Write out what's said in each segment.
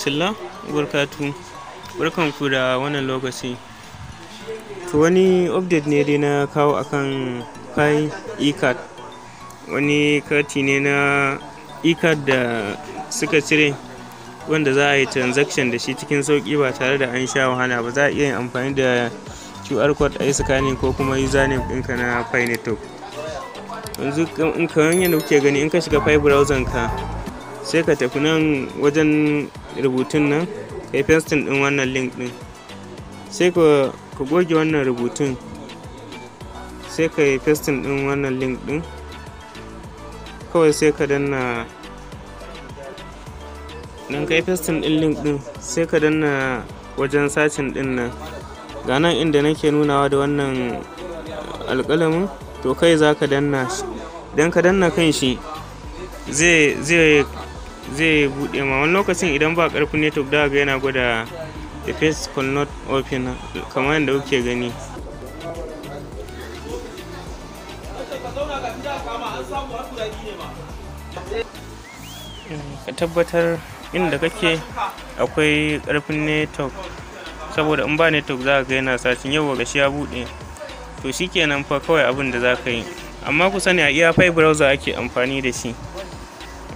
rahmatullah barkatu ku da wannan lokaci to wani update ne dai na kawo akan pi ecard wani kati ne na ecard da suka cire wanda za a yi transaction da shi cikin sauki ba tare da an sha wahala ba za a iya yin amfani da qr code a yi scanning ko kuma username ɗinka na pi network yanzu in kamar yadda kuke gani in ka shiga pi browser ka sai ka tafi nan wajen rubutun nan ka yi pasting ɗin wannan link ɗin sai ka goge wannan rubutun sai ka yi pasting ɗin wannan link ɗin kawai sai ka danna nan ka yi pasting ɗin link ɗin sai ka danna wajen sacin ɗin nan ga nan inda nake nunawa da wannan alƙalamin to kai za ka danna shi idan ka danna kan shi zai zai buɗe ma wani lokacin idan ba ƙarfin network da ga yana gwada the face call not open kamar yadda kuke gani ka tabbatar inda kake akwai ƙarfin network saboda in ba network za ka ga yana satin yau gashi ya buɗe to shikenan fa kawai abin da za ka yi amma kusa ne a iya browser ake amfani da shi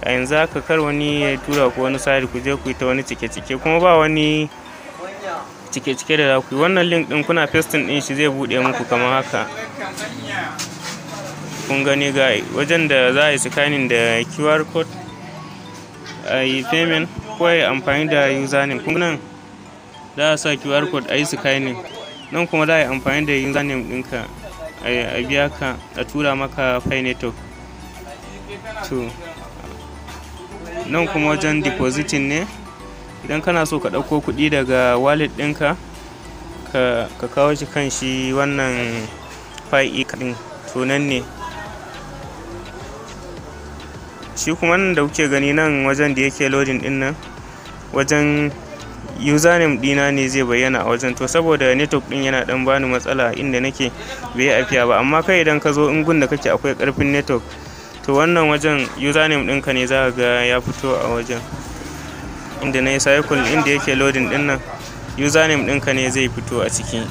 a yanzu haka kar wani ya tura ku wani sari ku je ku yi ta wani cike-cike kuma ba wani cike-cike da za ku yi wannan link din kuna festin din shi zai buɗe muku kamar haka kun gani ga wajen da za a yi sikanin da qr code a yi payment ko ya amfani da username kuma nan za a sa qr code a yi sikanin nan kuma za a yi amfani da username ɗinka a biya ka a tura maka pay network to nan kuma wajen depositin ne idan kana so ka ɗauko kuɗi daga wallet ɗinka ka kawo shi kan shi wannan fa'i ɗin tunan ne shi kuma nan da kuke gani nan wajen da yake loading ɗin nan wajen username ɗina ne zai bayyana a wajen to saboda network ɗin yana dan bani matsala inda nake bai afiya ba amma kai idan ka zo ingun da kake akwai ƙarfin network to wannan wajen username ɗinka ne za ga ya fito a wajen inda na yi cycle inda yake loading ɗin nan username ɗinka ne zai fito a ciki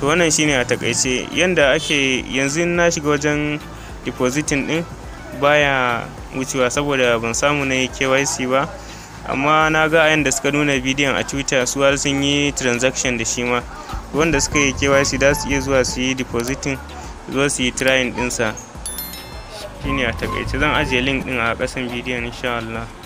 to wannan shine a takaice yanda ake yanzu na shiga wajen depositing ɗin baya wucewa saboda ban samu na yi kyc ba amma na ga ayan da suka nuna bidiyon a twitter su har sun yi transaction da shi ma wanda suka yi kyc za su iya zuwa su yi depositing zuwa su yi trying ɗinsa shine a takaice zan ajiye link din a kasan bidiyon insha Allah